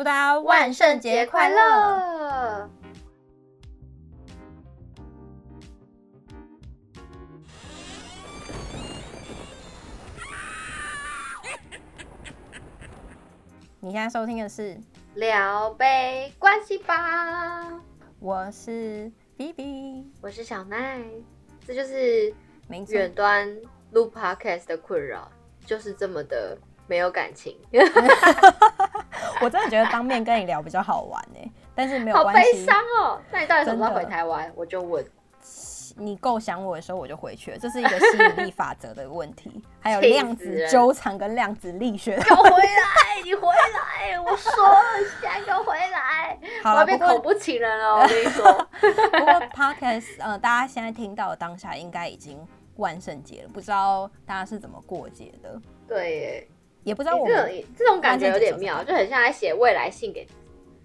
祝大家、哦、萬聖節快樂！快樂 你現在收聽的是聊杯關係吧，我是 BB，我是小奈，這就是遠端錄 Podcast 的困擾，錯就是這麼的沒有感情。 我真的覺得當面跟你聊比較好玩哎，欸，但是沒有關係。好悲傷哦！那你到底什麼時候回台灣？的我就問你夠想我的時候我就回去了，這是一個吸引力法則的問題， 人還有量子糾纏跟量子力學的問題。給我回來，你回來！我說了一個回來。好 了，我不情人哦，我跟你說。 不過，Podcast、呃、大家現在聽到的當下應該已經萬聖節了，不知道大家是怎麼過節的？對耶。也不知道我們，欸、這種，這種感覺有點妙，就很像在寫未來信給，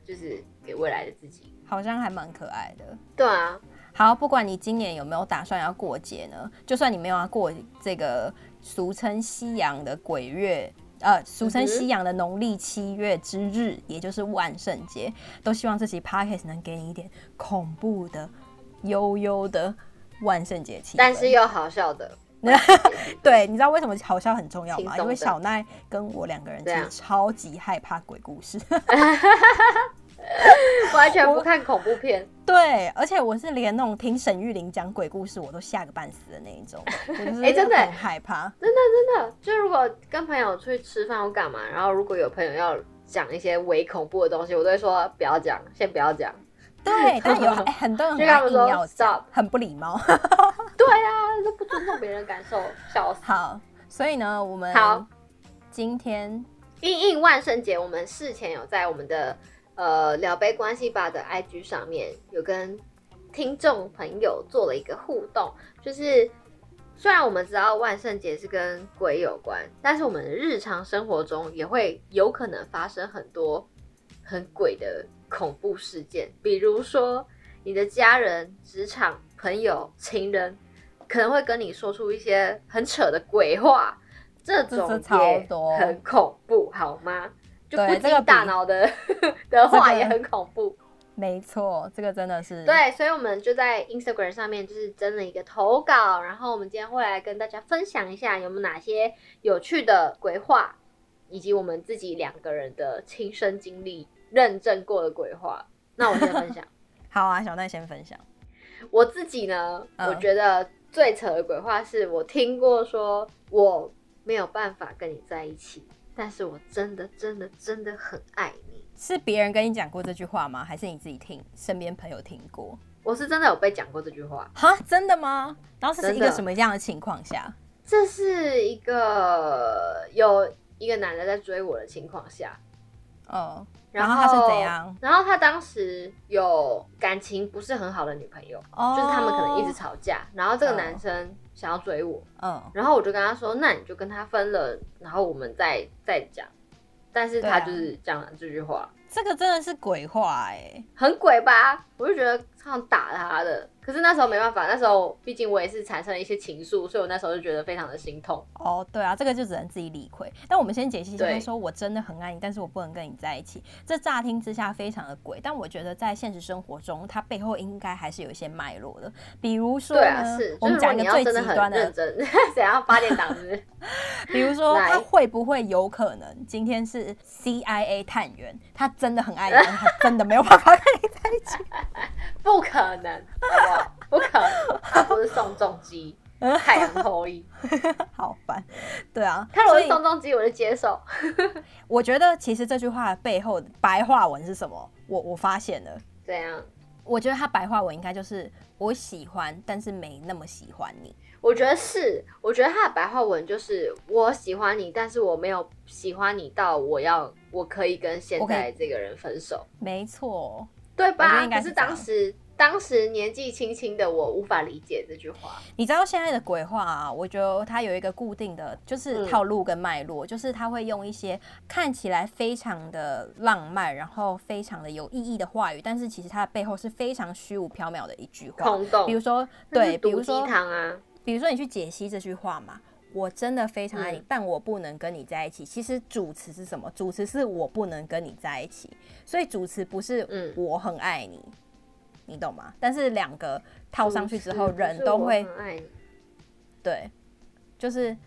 就是給未來的自己，好像還蠻可愛的。對啊，好，不管你今年有沒有打算要過節呢，就算你沒有要過這個俗稱西洋的鬼月，呃，俗稱西洋的農曆七月之日，嗯，也就是萬聖節，都希望這期 podcast 能給你一點恐怖的、悠悠的萬聖節氣氛，但是又好笑的。 對, 對，你知道為什麼好笑很重要嗎？因為小奈跟我兩個人其實超級害怕鬼故事， 完全不看恐怖片。 對，而且我是連那種聽沈玉琳講鬼故事，我都嚇個半死的那一種。哎， 真的、, 欸、真的害怕，真的真的。就如果跟朋友出去吃飯或幹嘛，然後如果有朋友要講一些微恐怖的東西，我都會說不要講，先不要講。對，但有、欸、很多人會硬要照，很不禮貌。 對啊，就不尊重別人感受。笑 死好，所以呢，我們好，今天因應萬聖節，我們事前有在我們的呃聊杯關係吧的 IG 上面有跟聽眾朋友做了一個互動，就是雖然我們知道萬聖節是跟鬼有關，但是我們的日常生活中也會有可能發生很多很鬼的。恐怖事件，比如說你的家人、職場朋友、情人，可能會跟你說出一些很扯的鬼話，這種很恐怖，好嗎？就不經大腦的、這個、 的話也很恐怖，沒錯，這個真的是對。所以，我們就在 Instagram 上面就是徵了一個投稿，然後我們今天會來跟大家分享一下，有沒有哪些有趣的鬼話，以及我們自己兩個人的親身經歷。認證過的鬼話，那我先分享。 好啊，小奈先分享。我自己呢，uh, 我覺得最扯的鬼話是我聽過說，我沒有辦法跟你在一起，但是我真的真的真的很愛你。是別人跟你講過這句話嗎？還是你自己聽身邊朋友聽過？我是真的有被講過這句話。哈，huh? 真的嗎？當時是一個什麼樣的情況下？這是一個有一個男的在追我的情況下。哦，oh, 然後，然後他是怎樣？然後他當時有感情不是很好的女朋友，oh, 就是他們可能一直吵架。然後這個男生想要追我，oh. Oh. 然後我就跟他說：“那你就跟他分了，然後我們再再講。”但是他就是講了這句話，啊、這個真的是鬼話哎、欸，很鬼吧？我就覺得像打他的，可是那時候沒辦法，那時候畢竟我也是產生了一些情愫，所以我那時候就覺得非常的心痛。哦，oh, 對啊，這個就只能自己理虧。但我們先解析一下，就是說我真的很愛你，對但是我不能跟你在一起，這乍聽之下非常的鬼，但我覺得在現實生活中，他背後應該還是有一些脈絡的。比如說，啊、我們講一個最極端的，想要發電檔子。比如說，他會不會有可能今天是 CIA 探員？他真的很愛你， 但他真的沒有辦法跟你在一起。 不可能 好不好，不可能，他、 啊、不是宋仲基，海洋 投影。 好煩。對啊，他如果是宋仲基，我就接受。我覺得其實這句話的背後白話文是什麼？我我發現了，怎樣？我覺得他白話文應該就是我喜歡，但是沒那麼喜歡你。我覺得是，我覺得他的白話文就是我喜歡你，但是我沒有喜歡你到我要我可以跟現在這個人分手。沒錯。對吧？應該是可是當時，當時年紀輕輕的我無法理解這句話。你知道現在的鬼話啊？我覺得它有一個固定的，就是套路跟脈絡，嗯、就是它會用一些看起來非常的浪漫，然後非常的有意義的話語，但是其實它的背後是非常虛無縹緲的一句話。空洞。比如說，對，毒雞湯啊、比如說，比如說你去解析這句話嘛。我真的非常愛你，嗯、但我不能跟你在一起。其實主詞是什麼？主詞是我不能跟你在一起，所以主詞不是我很愛你，嗯、你懂嗎？但是兩個套上去之後，人都會我很愛你。對，就是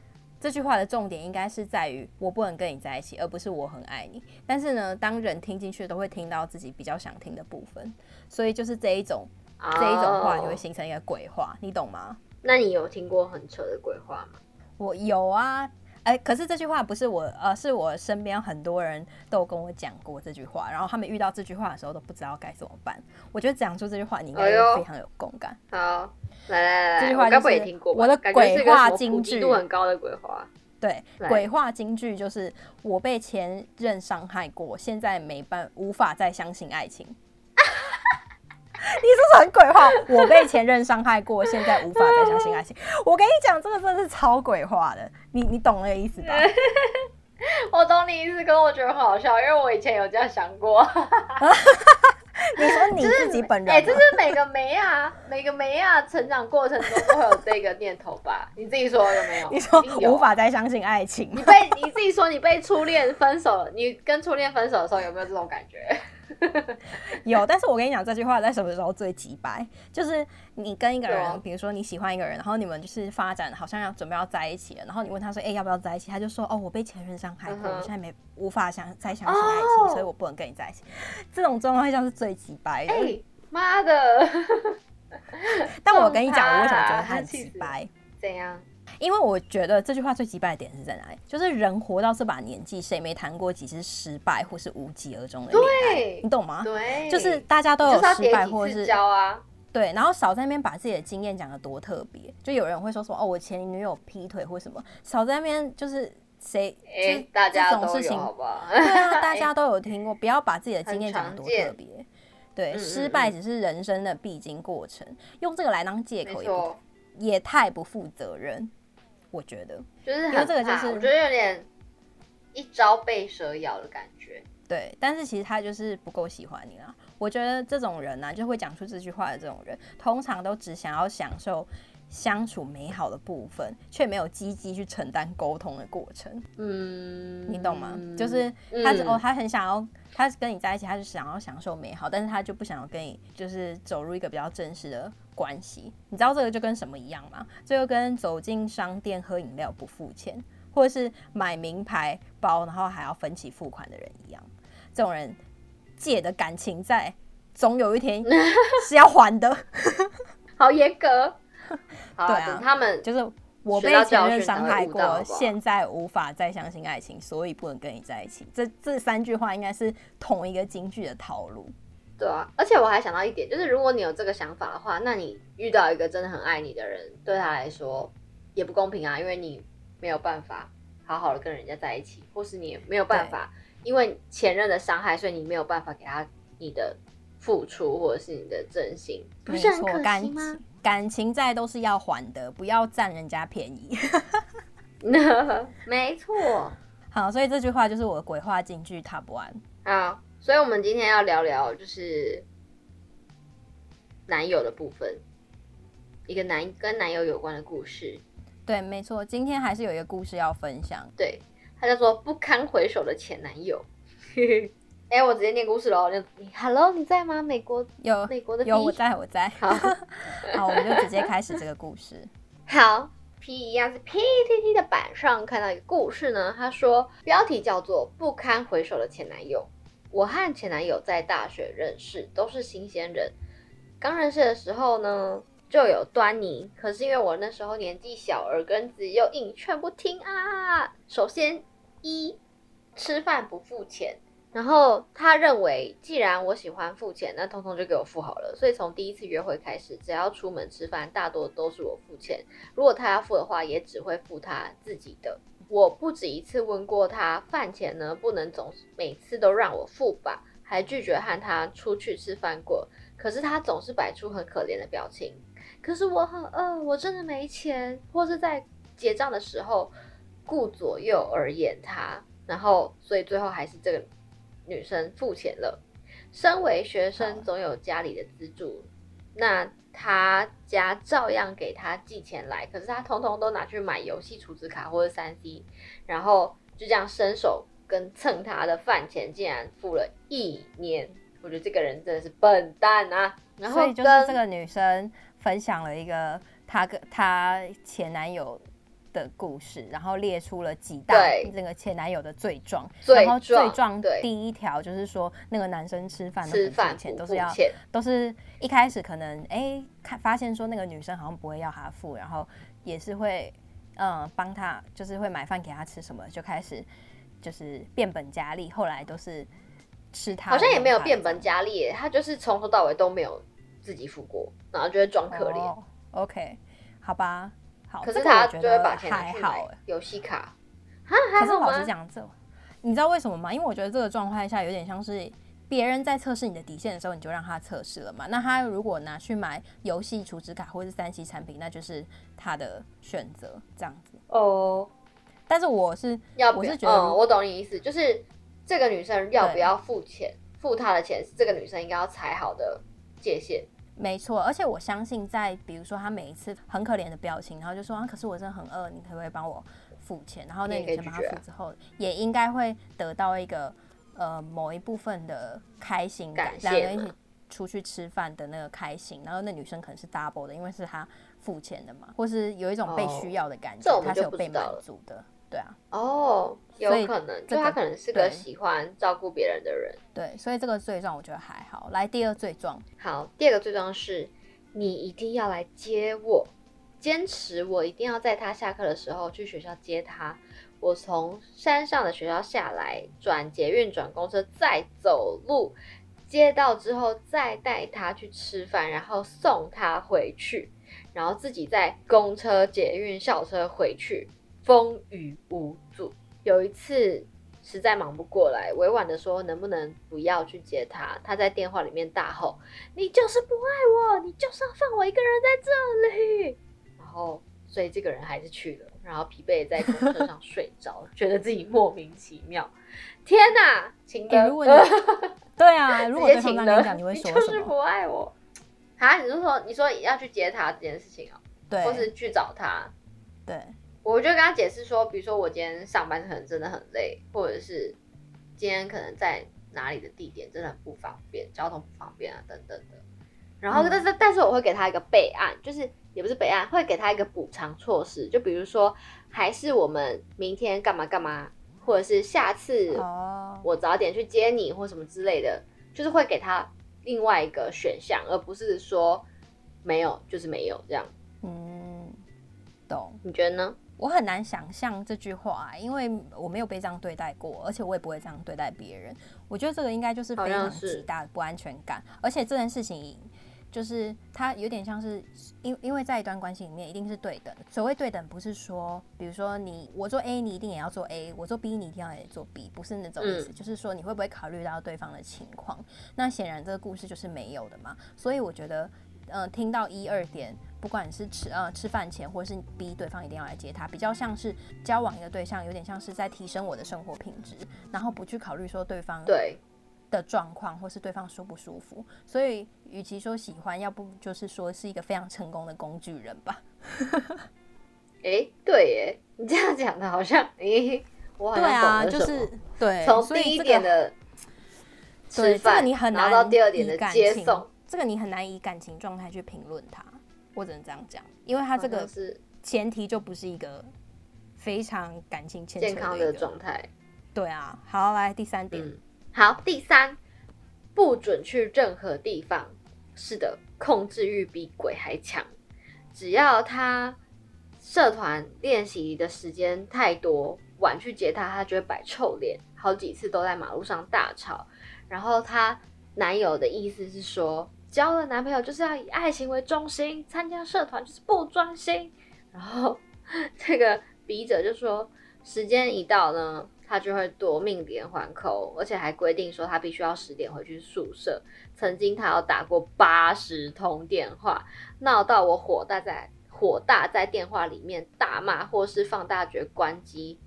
這句話的重點應該是在於我不能跟你在一起，而不是我很愛你。但是呢，當人聽進去，都會聽到自己比較想聽的部分，所以就是這一種、哦、這一種話，就會形成一個鬼話，你懂嗎？那你有聽過很扯的鬼話嗎？我有啊，哎、欸，可是這句話不是我，呃，是我身邊很多人都跟我講過這句話，然後他們遇到這句話的時候都不知道該怎麼辦。我覺得講出這句話，你應該非常有共感、哎。好，來來來，這句話大家不也聽過嗎？我的鬼話金句，度很高的鬼話，對，來鬼話金句就是我被前任傷害過，現在沒辦，無法再相信愛情。你是不是很鬼話？我被前任傷害過， 現在無法再相信愛情。我跟你講，這個真的是超鬼話的。你你懂那個意思吧？ 我懂你意思，可是我覺得很好笑，因為我以前有這樣想過。 你說你自己本人，哎、就是欸，這是每個梅啊每個梅啊成長過程中都會有這個念頭吧？ 你自己說有沒有？你說無法再相信愛情？ 你被你自己說你被初戀分手了？你跟初戀分手的時候有沒有這種感覺？ 有，但是我跟你講這句話在什麼時候最直白？就是你跟一個人，比有如說你喜歡一個人，然後你們就是發展，好像要準備要在一起了，然後你問他說：“哎、欸，要不要在一起？”他就說：“哦，我被前任傷害過，uh huh. 我現在沒無法相再相信愛情，oh. 所以我不能跟你在一起。”這種狀況下是最直白的。哎媽的！Hey, Mother. 但我跟你講，我為什麼覺得他很直白？欸、怎樣？因為我覺得這句話最奇怪的點是在哪裡？就是人活到這把年紀，誰沒談過幾次失敗或是無疾而終的戀愛？對你懂嗎？對，就是大家都有失敗或，或者是、啊、對。然後少在那邊把自己的經驗講得多特別，就有人會說說，哦，我前女友劈腿或什麼，少在那邊就是誰，哎、就是，這種事情、欸、好吧、 對啊，大家都有聽過，不要把自己的經驗講得多特別。對，失敗只是人生的必經過程，嗯嗯，用這個來當借口也，錯也太不負責任。我覺得就是，因為這個就是，我覺得有點一朝被蛇咬的感覺。對，但是其實他就是不夠喜歡你啊。我覺得這種人呢、啊，就會講出這句話的這種人，通常都只想要享受。相處美好的部分，卻沒有積極去承擔溝通的過程。嗯，你懂嗎？嗯、就是他是、嗯、哦，他很想要，他是跟你在一起，他是想要享受美好，但是他就不想要跟你，就是走入一個比較正式的關係。你知道這個就跟什麼一樣嗎？這就跟走進商店喝飲料不付錢，或者是買名牌包然後還要分期付款的人一樣。這種人借的感情債，總有一天是要還的。 好嚴格。 好啊，對啊，他們就是我被前任傷害過，現在無法再相信愛情，嗯、所以不能跟你在一起。這這三句話應該是同一個金句的套路。對啊，而且我還想到一點，就是如果你有這個想法的話，那你遇到一個真的很愛你的人，對他來說也不公平啊，因為你沒有辦法好好的跟人家在一起，或是你也沒有辦法對因為前任的傷害，所以你沒有辦法給他你的付出或者是你的真心，不是很可惜嗎？感情債都是要還的，不要占人家便宜。哈、 no, 沒錯，好，所以這句話就是我的鬼話金句 Top One。好，所以我們今天要聊聊就是男友的部分，一個男跟男友有關的故事。對，沒錯，今天還是有一個故事要分享。對，它叫做不堪回首的前男友。 哎、欸，我直接念故事嘍。就，Hello，你在嗎？美國有美國的、P、有我在，我在。好， 好，我們就直接開始這個故事。 好，P 一樣是 P T T 的板上看到一個故事呢，他說標題叫做《不堪回首的前男友》。我和前男友在大學認識，都是新鮮人。剛認識的時候呢，就有端倪。可是因為我那時候年紀小，耳根子又硬，勸不聽啊。首先一，吃飯不付錢。然後他認為，既然我喜歡付錢，那通通就給我付好了。所以從第一次約會開始，只要出門吃飯，大多都是我付錢。如果他要付的話，也只會付他自己的。我不止一次問過他，飯錢呢，不能總每次都讓我付吧？還拒絕和他出去吃飯過。可是他總是擺出很可憐的表情。可是我很餓，我真的沒錢。或是在結賬的時候，顧左右而言他。然後，所以最後還是這個。女生付錢了，身為學生，總有家裡的資助，嗯、那他家照樣給他寄錢來，可是他通通都拿去買遊戲儲值卡或者三 C，然後就這樣伸手跟蹭他的飯錢，竟然付了一年，我覺得這個人真的是笨蛋啊！然後，所以就是這個女生分享了一個她跟她前男友的故事，然後列出了幾大那個前男友的罪狀。對然後罪狀，對罪狀第一條就是說，對那個男生吃飯都，吃飯錢都是要，都是一開始可能哎、欸，發現說那個女生好像不會要他付，然後也是會嗯幫他，就是會買飯給他吃什麼，就開始就是變本加厲。後來都是吃他，好像也沒有變本加厲，他就是從頭到尾都沒有自己付過，然後就會裝可憐。哦。OK，好吧。好可是他覺得還好遊戲卡，可是老實講，這你知道為什麼嗎？因為我覺得這個狀態下有點像是別人在測試你的底線的時候，你就讓他測試了嘛。那他如果拿去買遊戲儲值卡或是三 C 產品，那就是他的選擇，這樣子。哦，但是我是要表，不是覺得、哦，我懂你意思，就是這個女生要不要付錢，對付她的錢，是這個女生應該要踩好的界限。沒錯，而且我相信，在比如說他每一次很可憐的表情，然後就說啊，可是我真的很餓，你可不可以幫我付錢？然後那女生幫他付之後，也應該會得到一個呃某一部分的開心感，兩個人一起出去吃飯的那個開心。然後那女生可能是 double 的，因為是他付錢的嘛，或是有一種被需要的感覺，她、哦、是有被滿足的。對啊，哦、oh, 所以，有可能，這個、就他可能是個喜歡照顧別人的人。對，所以這個罪狀我覺得還好。來第二罪狀，好，第二個罪狀是，你一定要來接我，堅持我一定要在他下課的時候去學校接他。我從山上的學校下來，轉捷運轉公車再走路，接到之後再帶他去吃飯，然後送他回去，然後自己再公車捷運校車回去。風雨無阻。有一次實在忙不過來，委婉地說能不能不要去接他？他在電話裡面大吼：“你就是不愛我，你就是要放我一個人在這裡。”然後，所以這個人還是去了，然後疲憊在公車上睡着， 覺得自己莫名其妙。天哪，情哥！欸、 對啊，如果對方想你會說就是不愛我他 你就是你說你說要去接他這件事情啊？對，或是去找他？對。我就跟他解釋說，比如說我今天上班可能真的很累，或者是今天可能在哪裡的地點真的很不方便，交通不方便啊等等的。然後，嗯，但是但是我會給他一個備案，就是也不是備案，會給他一個補償措施，就比如說還是我們明天幹嘛幹嘛，或者是下次我早點去接你，或什麼之類的，就是會給他另外一個選項，而不是說沒有就是沒有這樣。嗯，懂？你覺得呢？我很難想象這句話啊，因為我沒有被這樣對待過，而且我也不會這樣對待別人。我覺得這個應該就是非常極大的不安全感，而且這件事情就是它有點像是因，因因為在一段關係裡面一定是對等，所謂對等不是說，比如說你我做 A，你一定也要做 A；我做 B，你一定要也做 B，不是那種意思。嗯，就是說你會不會考慮到對方的情況？那顯然這個故事就是沒有的嘛。所以我覺得，嗯，呃，聽到一二點。嗯不管是吃呃吃飯前，或是逼對方一定要來接他，比較像是交往一個對象，有點像是在提升我的生活品質，然後不去考慮說對方的對的狀況，或是對方舒不舒服。所以，與其說喜歡，要不就是說是一個非常成功的工具人吧。哎、 欸，對，耶，你這樣講的好像，哎、欸，我好像懂了什麼。對啊，就是對。從第一點的吃飯，你很難拿到第二點的接送，這個你很難以感情狀態去評論他。或者能這樣講，因為他這個是前提就不是一個非常感情牽扯健康的狀態。對啊，好，來第三點、嗯，好，第三，不准去任何地方。是的，控制欲比鬼還強。只要他社團練習的時間太多，晚去接他，他就會擺臭臉。好幾次都在馬路上大吵。然後他男友的意思是說，交了男朋友就是要以愛情為中心，參加社團就是不專心。然後這個筆者就說，時間一到呢，他就會奪命連環 call，而且還規定說他必須要十點回去宿舍。曾經他有打過八十通電話，鬧到我火大在火大在電話裡面大罵，或是放大絕關機。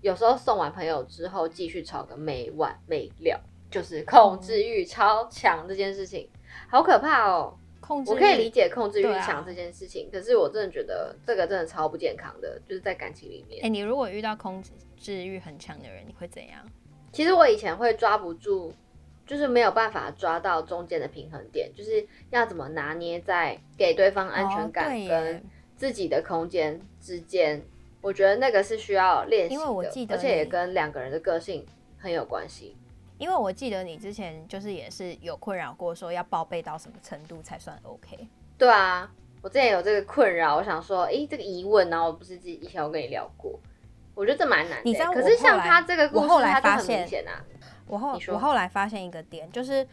有時候送完朋友之後，繼續吵個沒完沒了。就是控制欲超強這件事情，嗯、好可怕哦！控制我可以理解控制欲強這件事情，啊、可是我真的覺得這個真的超不健康的，就是在感情裡面。哎、欸，你如果遇到控制欲很強的人，你會怎樣？其實我以前會抓不住，就是沒有辦法抓到中間的平衡點，就是要怎麼拿捏在給對方安全感跟自己的空間之間。哦、我覺得那個是需要練習的，因為我記得，而且也跟兩個人的個性很有關係。因為我記得你之前就是也是有困擾過，說要報備到什麼程度才算 OK？對啊，我之前有這個困擾，我想說，哎、欸，這個疑問，然後我不是自己以前我跟你聊過，我覺得這蠻難的、欸。你知道可是像他這個故事，他這很明顯啊，我後來發現。我後你說，我後來發現一個點，就是，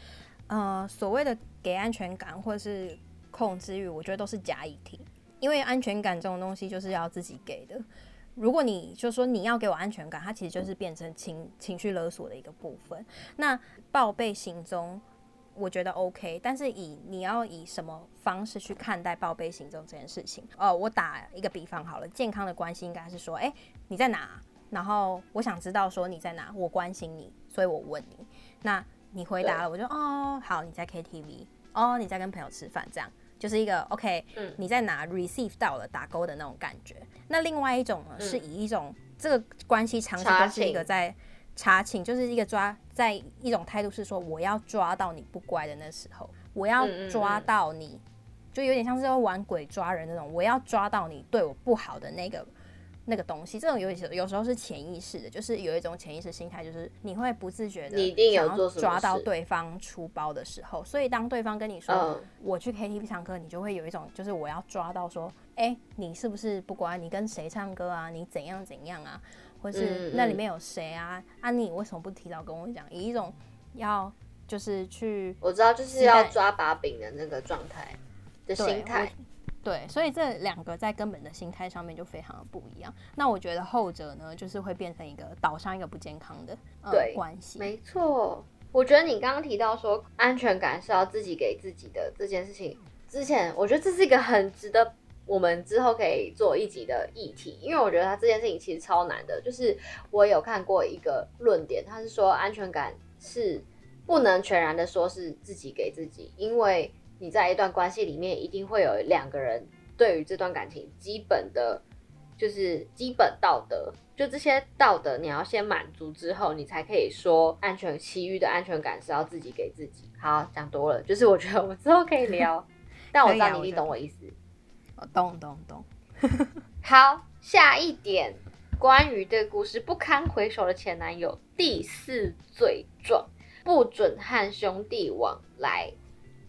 呃，所謂的給安全感或是控制慾，我覺得都是假議題，因為安全感這種東西就是要自己給的。如果你就是、說你要給我安全感，它其實就是變成情情緒勒索的一個部分。那報備行蹤，我覺得 OK，但是以你要以什麼方式去看待報備行蹤這件事情？呃、哦，我打一個比方好了，健康的關係應該是說，哎，你在哪？然後我想知道說你在哪，我關心你，所以我問你。那你回答了，我就哦，好，你在 KTV，哦，你在跟朋友吃飯，這樣。就是一個 OK，嗯、你在哪 receive 到了打勾的那種感覺。那另外一種呢，嗯、是以一種這個關係長期都是一個在查寢請，就是一個抓在一種態度是說，我要抓到你不乖的那時候，我要抓到你，嗯嗯嗯，就有點像是玩鬼抓人那種，我要抓到你對我不好的那個那個東西，這種有些有時候是潛意識的，就是有一種潛意識心態，就是你會不自覺的想要抓到對方出包的時候。所以當對方跟你說“嗯、我去 KTV 唱歌”，你就會有一種就是我要抓到說，哎、欸，你是不是不管你跟誰唱歌啊，你怎樣怎樣啊，或是那裡面有誰啊？嗯嗯啊，你為什麼不提早跟我講？以一種要就是去我知道就是要抓把柄的那個狀態的心態。對，所以這兩個在根本的心態上面就非常的不一樣。那我覺得後者呢，就是會變成一個導向一個不健康的、呃、對關係。沒錯，我覺得你剛剛提到說安全感是要自己給自己的這件事情，之前我覺得這是一個很值得我們之後可以做一集的議題，因為我覺得他這件事情其實超難的。就是我有看過一個論點，他是說安全感是不能全然的說是自己給自己，因為。你在一段關係裡面，一定會有兩個人對於這段感情基本的，就是基本道德，就這些道德你要先滿足之後，你才可以說安全，其餘的安全感是要自己給自己。好，講多了，就是我覺得我們之後可以聊， 可以啊、但我知道你一定懂我意思，我懂懂懂。懂懂 好，下一點關於這個故事不堪回首的前男友第四罪狀，不准和兄弟往來。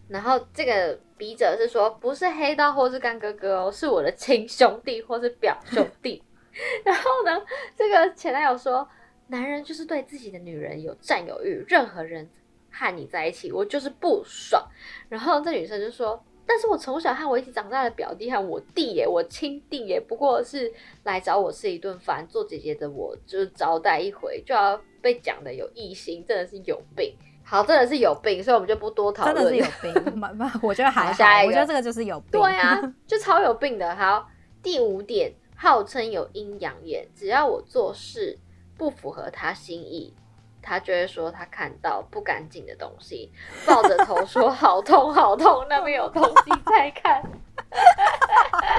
然後這個筆者是說，不是黑道或是乾哥哥哦，是我的親兄弟或是表兄弟。 然後呢，這個前男友說，男人就是對自己的女人有占有欲，任何人和你在一起，我就是不爽。然後這女生就說，但是我從小和我一起長大的表弟和我弟耶，我親弟耶，不過是來找我吃一頓飯，做姐姐的我就招待一回，就要被講的有異心，真的是有病。好，真的是有病，所以我們就不多討論。真的是有病，我覺得還好。下一個。我覺得這個就是有病。對啊，就超有病的。好，第五點，號稱有陰陽眼，只要我做事不符合他心意，他就會說他看到不乾淨的東西，抱着頭說好痛好痛， 那邊有東西在看。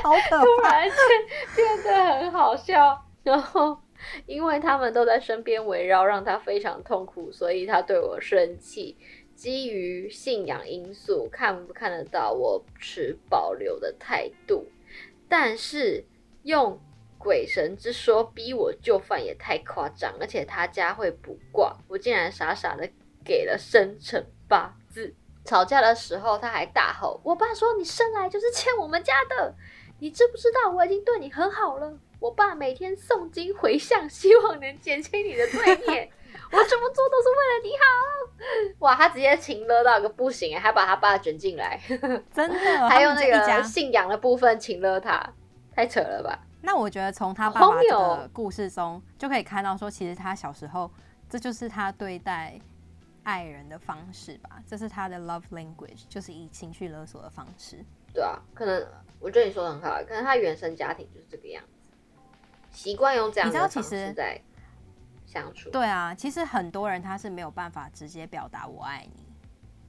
好， 突然間變得很好笑，然後。因為他們都在身邊圍繞，讓他非常痛苦，所以他對我生氣。基於信仰因素，看不看得到我持保留的態度。但是用鬼神之說逼我就範也太誇張，而且他家會卜卦，我竟然傻傻的給了生辰八字。吵架的時候他還大吼：“我爸說你生來就是欠我們家的，你知不知道我已經對你很好了？”我爸每天誦經回向，希望能減輕你的罪孽。 我這麼做都是為了你好。哇，他直接情勒到一個不行欸，還把他爸捲進來，真的。 還有那個信仰的部分，情勒他，太扯了吧？那我覺得從他爸爸的故事中謬就可以看到，說其實他小時候，這就是他對待愛人的方式吧？這是他的 love language，就是以情緒勒索的方式。對啊，可能我覺得你說的很好，可能他原生家庭就是這個樣子。習慣用這樣，你知道，其實，在相處。對啊，其實很多人他是沒有辦法直接表達“我愛你”，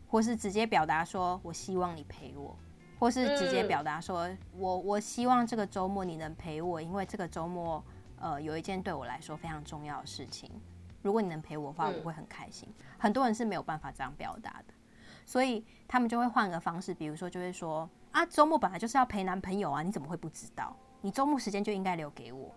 或是直接表達說“我希望你陪我”，或是直接表達說我“我我希望這個周末你能陪我，因為這個周末呃有一件對我來說非常重要的事情，如果你能陪我的話，我會很開心”。嗯，很多人是沒有辦法這樣表達的，所以他們就會換個方式，比如說就會說：“啊，周末本來就是要陪男朋友啊，你怎麼會不知道？你周末時間就應該留給我。”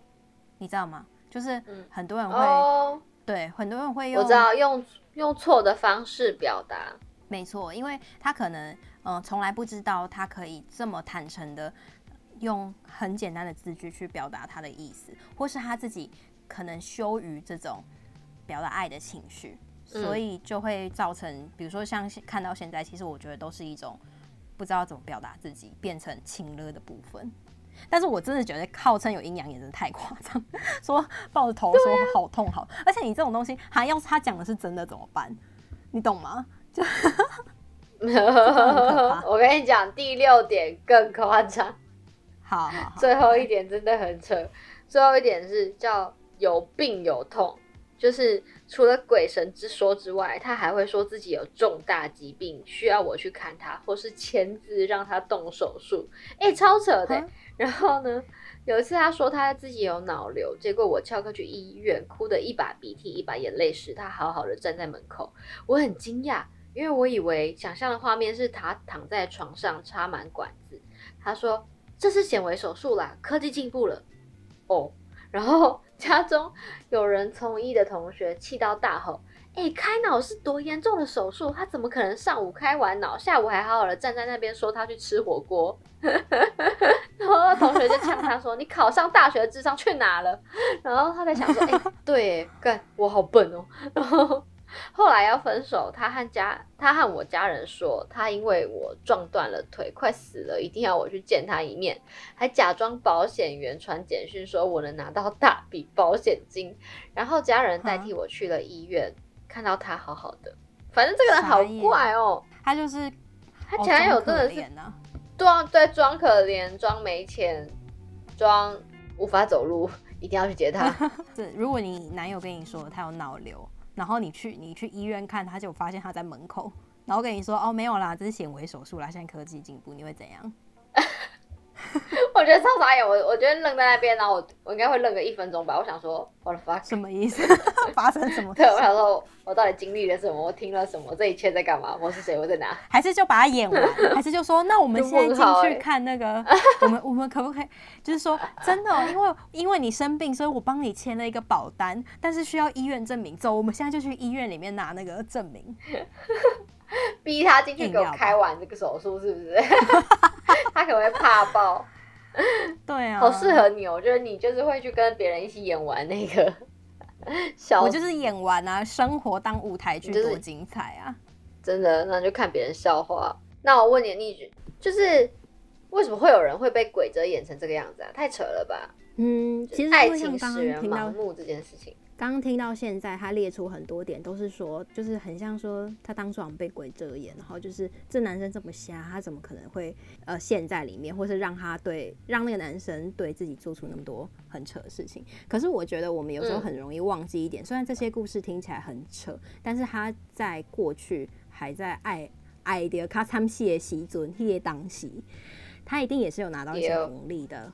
你知道嗎？就是很多人會，嗯哦、對，很多人會用我知道用用錯的方式表達，沒錯，因為他可能嗯、呃，從來不知道他可以這麼坦誠的用很簡單的字句去表達他的意思，或是他自己可能羞於這種表達愛的情緒，所以就會造成，嗯、比如說像看到現在，其實我覺得都是一種不知道怎麼表達自己，變成情勒的部分。但是我真的覺得號稱有陰陽眼真的太誇張，說抱着頭說好痛好，啊、而且你這種東西，還、啊、要他講的是真的怎麼辦？你懂嗎？就 我跟你講，第六點更誇張。好，好，好，最後一點真的很扯。好好，最後一點是叫有病有痛，就是。除了鬼神之說之外，他還會說自己有重大疾病，需要我去看他，或是簽字讓他動手術。誒，超扯的！Huh? 然後呢，有一次他說他自己有腦瘤，結果我翹課去醫院，哭得一把鼻涕一把眼淚時，他好好的站在門口，我很驚訝，因為我以為想象的畫面是他躺在床上插滿管子。他說：“這是顯微手術啦，科技進步了。”哦，然後。家中有人從醫的同學氣到大吼：“誒、欸，開腦是多嚴重的手術，他怎麼可能上午開完腦，下午還好好的站在那邊說他去吃火鍋？” 然後同學就嗆他說：“你考上大學的智商去哪了？”然後他在想說：“誒、欸，對，幹我好笨哦、喔。”然後後來要分手，他和家他和我家人說，他因為我撞斷了腿，快死了，一定要我去見他一面，還假裝保險員傳簡訊說我能拿到大筆保險金，然後家人代替我去了醫院，嗯、看到他好好的，反正這個人好怪哦，他就是他前男友真的是，哦啊、對、啊、對，裝可憐，裝沒錢，裝無法走路，一定要去接他。是， 如果你男友跟你說他有腦瘤。然後你去，你去醫院看，他就發現他在門口。然後跟你說：“哦，沒有啦，這是顯微手術啦，現在科技進步。”你會怎樣？ 我覺得超傻眼，我我覺得愣在那邊，然後我我應該會愣個一分鐘吧。我想說，我的媽，什麼意思？ 發生什麼？ 對，我想說，我到底經歷了什麼？我聽了什麼？這一切在幹嘛？我是誰？我在哪？還是就把它演完？ 還是就說，那我們現在進去看那個？欸、 我們我們可不可以？就是說真的，哦，因為因為你生病，所以我幫你簽了一個保單，但是需要醫院證明。走，我們現在就去醫院裡面拿那個證明。 逼他進去給我開完這個手術，是不是？ 他可能會怕爆 。對啊，好適合你哦！我覺得你就是會去跟別人一起演完那個小。我就是演完啊，生活當舞台劇多精彩啊！就是、真的，那就看別人笑話。那我問你一句，就是為什麼會有人會被鬼子演成這個樣子啊？太扯了吧！嗯，愛情使人盲目這件事情。剛聽到現在，他列出很多點，都是說，就是很像說，他當初好像被鬼遮眼，然後就是這男生這麼瞎，他怎麼可能會呃陷在裡面，或是讓他對讓那個男生對自己做出那麼多很扯的事情？可是我覺得我們有時候很容易忘記一點，雖然這些故事聽起來很扯，但是他在過去還在愛愛的卡參西的西尊，他、那、的、個、當時，他一定也是有拿到一些紅利的。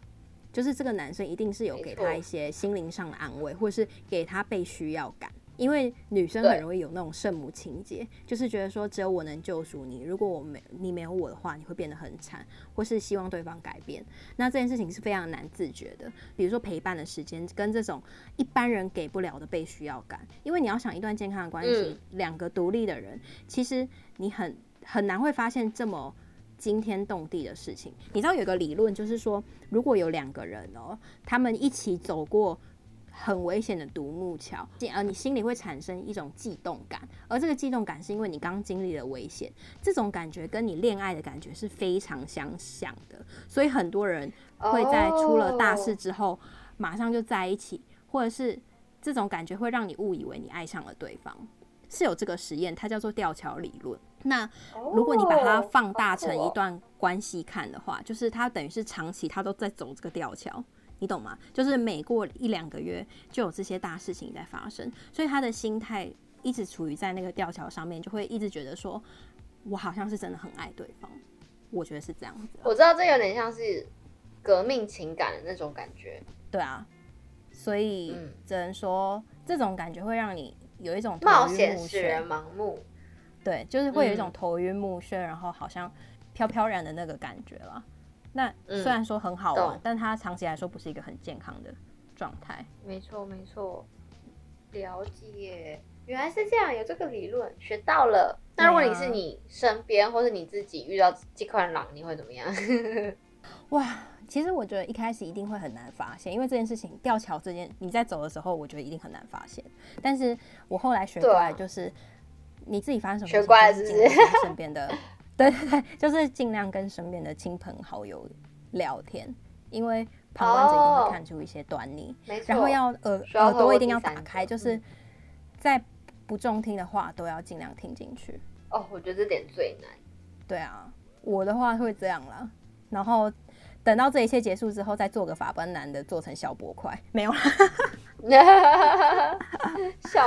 就是這個男生一定是有給他一些心靈上的安慰，沒錯 或是給他被需要感，因為女生很容易有那種聖母情結，對 就是覺得說只有我能救贖你，如果我沒你沒有我的話，你會變得很慘，或是希望對方改變。那這件事情是非常難自覺的，比如說陪伴的時間跟這種一般人給不了的被需要感，因為你要想一段健康的關係，嗯、兩個獨立的人，其實你很很難會發現這麼。驚天動地的事情，你知道有個理論，就是說如果有兩個人哦、喔，他們一起走過很危險的獨木橋，而你心裡會產生一種悸動感，而這個悸動感是因為你剛經歷了危險，這種感覺跟你戀愛的感覺是非常相像的，所以很多人會在出了大事之後、Oh. 馬上就在一起，或者是這種感覺會讓你誤以為你愛上了對方，是有這個實驗，它叫做吊橋理論。那如果你把它放大成一段關係看的話，就是他等於是長期他都在走這個吊橋，你懂嗎？就是每過一兩個月就有這些大事情在發生，所以他的心態一直處於在那個吊橋上面，就會一直覺得說，我好像是真的很愛對方。我覺得是這樣子、啊，我知道這有點像是革命情感的那種感覺。對啊，所以、嗯、只能說這種感覺會讓你有一種冒險、使盲目。對，就是會有一種頭暈目眩，嗯、然後好像飄飄然的那個感覺了。那、嗯、雖然說很好玩，對但它長期來說不是一個很健康的狀態。沒錯，沒錯。了解，原來是這樣，有這個理論，學到了。嗯啊、那如果你是你身邊或者你自己遇到這塊狼，你會怎麼樣？ 哇，其實我覺得一開始一定會很難發現，因為這件事情吊橋這件你在走的時候，我覺得一定很難發現。但是我後來學過來就是。你自己發生什麼是的？事？乖身邊的，對對，對就是盡量跟身邊的親朋好友聊天，因為旁觀者一定會看出一些端倪。哦、然後要耳要耳朵一定要打開，就是在不中聽的話、嗯、都要盡量聽進去。哦，我覺得這點最難。對啊，我的話會這樣了，然後等到這一切結束之後，再做個法官男的，做成小波塊，沒有了 小。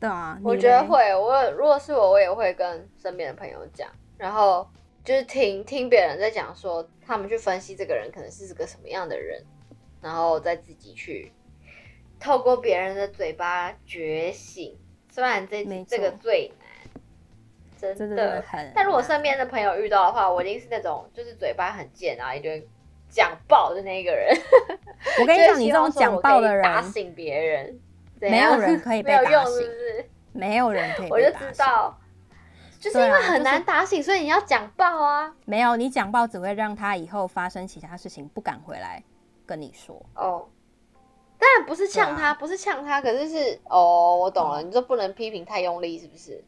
對啊，嗯嗯、我覺得會。來我如果是我，我也會跟身邊的朋友講，然後就是聽聽別人在講，說他們去分析這個人可能是個什麼樣的人，然後再自己去透過別人的嘴巴覺醒。雖然這錯這個最難，真的，真的，真的很。但如果身邊的朋友遇到的話，我一定是那種就是嘴巴很賤，然後也就講爆的那一個人。 我跟你講，你這種講爆的人，打醒別人。沒有人可以被打醒，沒有人可以被打醒。 我就知道，就是因為很難打醒，所以你要講爆啊！沒有，你講爆只會讓他以後發生其他事情，不敢回來跟你說。哦，但不是嗆他，啊、不是嗆他，可是是哦，我懂了，嗯、你就不能批評太用力，是不是？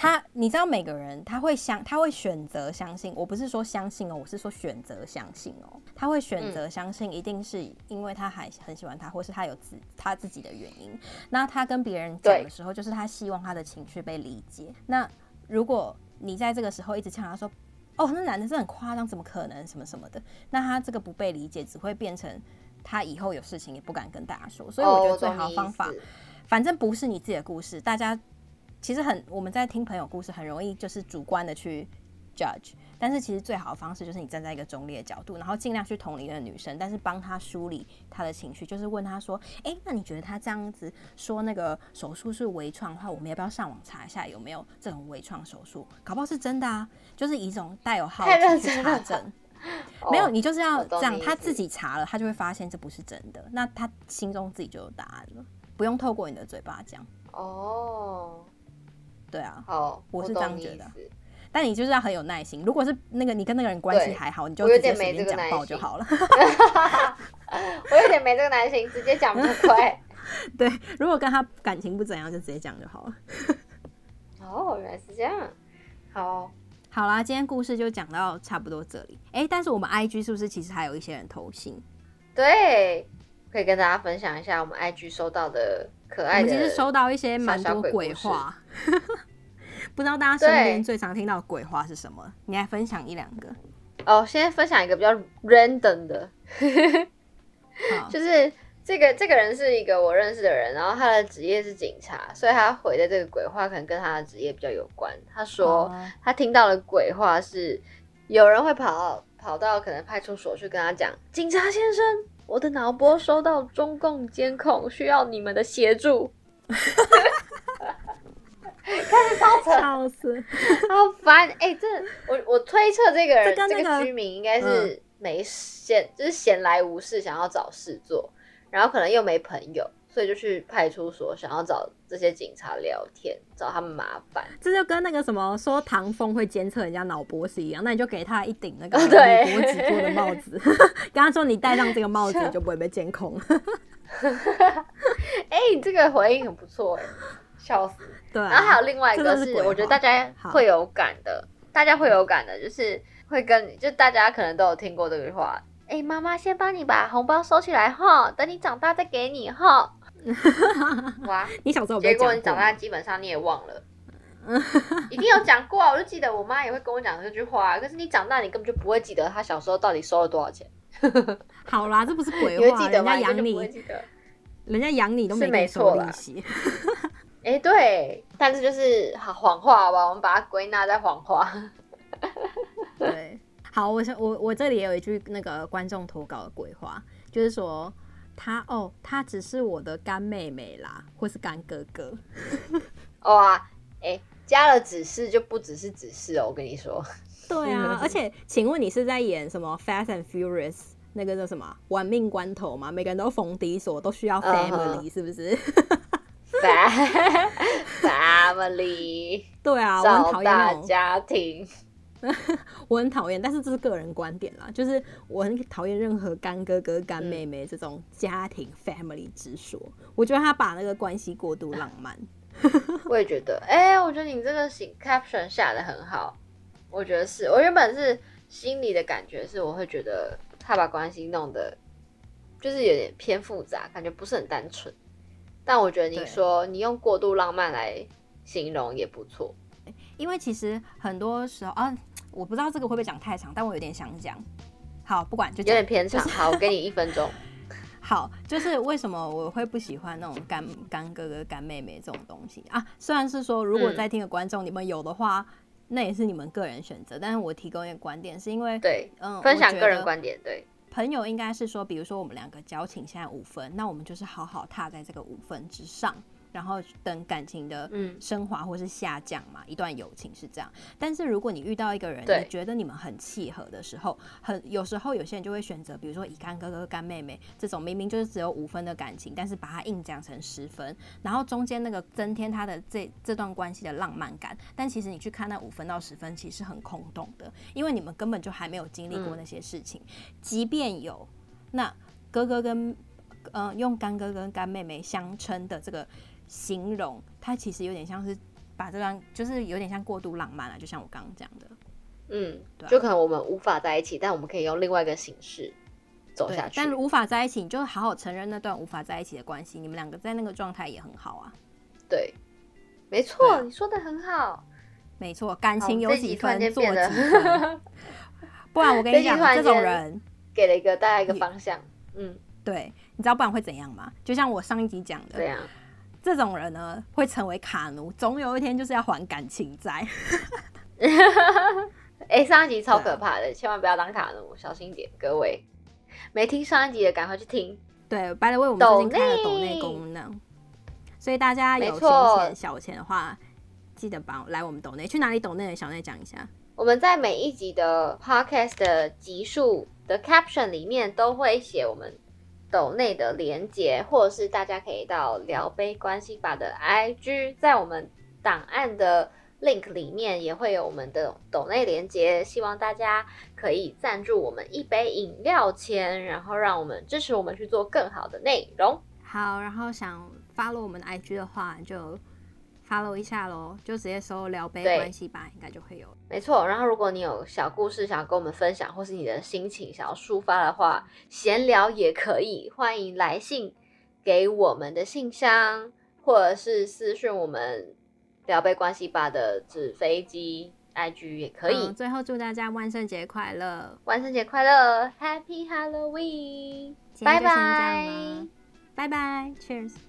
他，你知道每個人，他會相，他會選擇相信。我不是說相信哦，我是說選擇相信哦。他會選擇相信，一定是因為他還很喜歡他，嗯、或是他有自他自己的原因。那他跟別人講的時候，對就是他希望他的情緒被理解。那如果你在這個時候一直嗆他說：“哦，那男的真很誇張，怎麼可能什麼什麼的？”那他這個不被理解，只會變成他以後有事情也不敢跟大家說。所以我覺得最好的方法，哦、反正不是你自己的故事，大家。其實很，我們在聽朋友故事，很容易就是主觀的去 judge，但是其實最好的方式就是你站在一個中立的角度，然後盡量去同齡的女生，但是幫她梳理她的情緒，就是問她說，哎，那你覺得她這樣子說那個手術是微創的話，我們要不要上網查一下有沒有這種微創手術，搞不好是真的啊？就是以一種帶有好奇去查證，了沒有，你就是要這樣，他自己查了，他就會發現這不是真的，那他心中自己就有答案了，不用透過你的嘴巴講。哦。對啊，好我是這樣覺得。你但你就是要很有耐心。如果是那個你跟那個人關係還好，對你就直接隨便講爆就好了。我有點沒這個耐心， 心直接講不虧。 對，如果跟他感情不怎樣，就直接講就好了。哦 ，oh, 原來是這樣。好好啦，今天故事就講到差不多這裡。哎、欸，但是我們 IG 是不是其實還有一些人投信？對，可以跟大家分享一下我們 IG 收到的。可愛小小我們其實收到一些蠻多鬼話，對不知道大家身邊最常聽到的鬼話是什麼？你來分享一兩個。哦，先分享一個比較 random 的，好 就是這個這個人是一個我認識的人，然後他的職業是警察，所以他回的這個鬼話可能跟他的職業比較有關。他說他聽到的鬼話是有人會跑到跑到可能派出所去跟他講，警察先生。我的腦波收到中共監控，需要你們的協助。開始燒成，笑死，好煩！哎、欸，這我我推測這個人，這個、這個居民應該是沒閒，嗯、就是閒來無事，想要找事做，然後可能又沒朋友。所以就去派出所，想要找這些警察聊天，找他們麻煩。這就跟那個什麼說唐鳳會監測人家腦波是一樣，那你就給他一頂那個、哦、對紙做的帽子， 跟他說你戴上這個帽子就不會被監控。哎、 欸，這個回應很不錯哎、欸，笑死。對。然後還有另外一個是，是我覺得大家會有感的，好大家會有感的，就是會跟你就大家可能都有聽過這句話。哎、欸，媽媽先幫你把紅包收起來哈，等你長大再給你哈。 哇！你小時候有有，結果你長大，基本上你也忘了。 一定有講過啊！我就記得我媽也會跟我講這句話。可是你長大，你根本就不會記得她小時候到底收了多少錢。 好啦，這不是鬼話， 會記得人家養你，你人家養你都沒錯了。哎 欸，對，但是就是謊話好不好？我們把它歸納在謊話。 對，好，我想我我這裡也有一句那個觀眾投稿的鬼話，就是說。他哦，她只是我的乾妹妹啦，或是乾哥哥。哦、 oh, 啊，哎、欸，加了只是就不只是只是哦，我跟你說。對啊， 而且請問你是在演什麼《Fast and Furious》那個叫什麼“玩命關頭”嗎？每個人都馮迪索都需要 family、uh huh. 是不是 ？Family，對啊，我討厭大家庭。 我很討厭，但是這是個人觀點啦。就是我很討厭任何乾哥哥、乾妹妹這種家庭 family 之說。嗯、我覺得他把那個關係過度浪漫。我也覺得，哎、欸，我覺得你這個寫 caption 下得很好。我覺得是，我原本是心裡的感覺是，我會覺得他把關係弄得就是有點偏複雜，感覺不是很單純。但我覺得你說你用過度浪漫來形容也不錯，因為其實很多時候啊。我不知道這個會不會講太長，但我有點想講。好，不管就有點偏長。就是、好，我給你一分鐘。 好，就是為什麼我會不喜歡那種乾乾哥哥、乾妹妹這種東西啊？雖然是說，如果在聽的觀眾、嗯、你們有的話，那也是你們個人選擇。但是我提供一個觀點，是因為。對，嗯，分享個人觀點。對，朋友應該是說，對比如說我們兩個交情現在五分，那我們就是好好踏在這個五分之上。然後等感情的升華或是下降嘛，嗯、一段友情是這樣。但是如果你遇到一個人，你對覺得你們很契合的時候，很有時候有些人就會選擇，比如說以乾哥哥乾妹妹這種，明明就是只有五分的感情，但是把它硬講成十分，然後中間那個增添他的這這段關係的浪漫感。但其實你去看那五分到十分，其實很空洞的，因為你們根本就還沒有經歷過那些事情。嗯、即便有，那哥哥跟嗯、呃、用乾哥哥跟乾妹妹相稱的這個。形容它其實有點像是，把這段，就是有點像過度浪漫了，啊，就像我剛剛講的，嗯，對，啊，就可能我們無法在一起，但我們可以用另外一個形式走下去。但無法在一起，你就好好承認那段無法在一起的關係，你們兩個在那個狀態也很好啊。對，沒錯，對你說的很好，沒錯，感情有幾分做的 不然我跟你講，這，這種人給了一個大家一個方向。嗯，對，你知道不然會怎樣嗎？就像我上一集講的，對啊。這種人呢，會成為卡奴，總有一天就是要還感情債。哎、 欸，上一集超可怕的，啊、千萬不要當卡奴，小心一點，各位。沒聽上一集的，趕快去聽。對，By the way, 我們最近開了抖內功能。內所以大家有錢錢小錢的話，記得幫來我們抖內。去哪裡抖內？小內講一下。我們在每一集的 podcast 的集數的 caption 裡面都會寫我們。斗內的連接，或者是大家可以到聊杯關係吧的 IG，在我們檔案的 link 裡面也會有我們的斗內連接，希望大家可以贊助我們一杯飲料錢，然後讓我們支持我們去做更好的內容。好，然後想 follow 我們的 IG 的話就。Follow 一下嘍，就直接搜“聊杯關係吧”，對應該就會有。沒錯，然後如果你有小故事想跟我們分享，或是你的心情想要抒發的話，閒聊也可以，歡迎來信給我們的信箱，或者是私訊我們“聊杯關係吧”的紙飛機 IG 也可以，哦。最後祝大家萬聖節快樂！萬聖節快樂，Happy Halloween！拜拜，拜拜 bye，Cheers！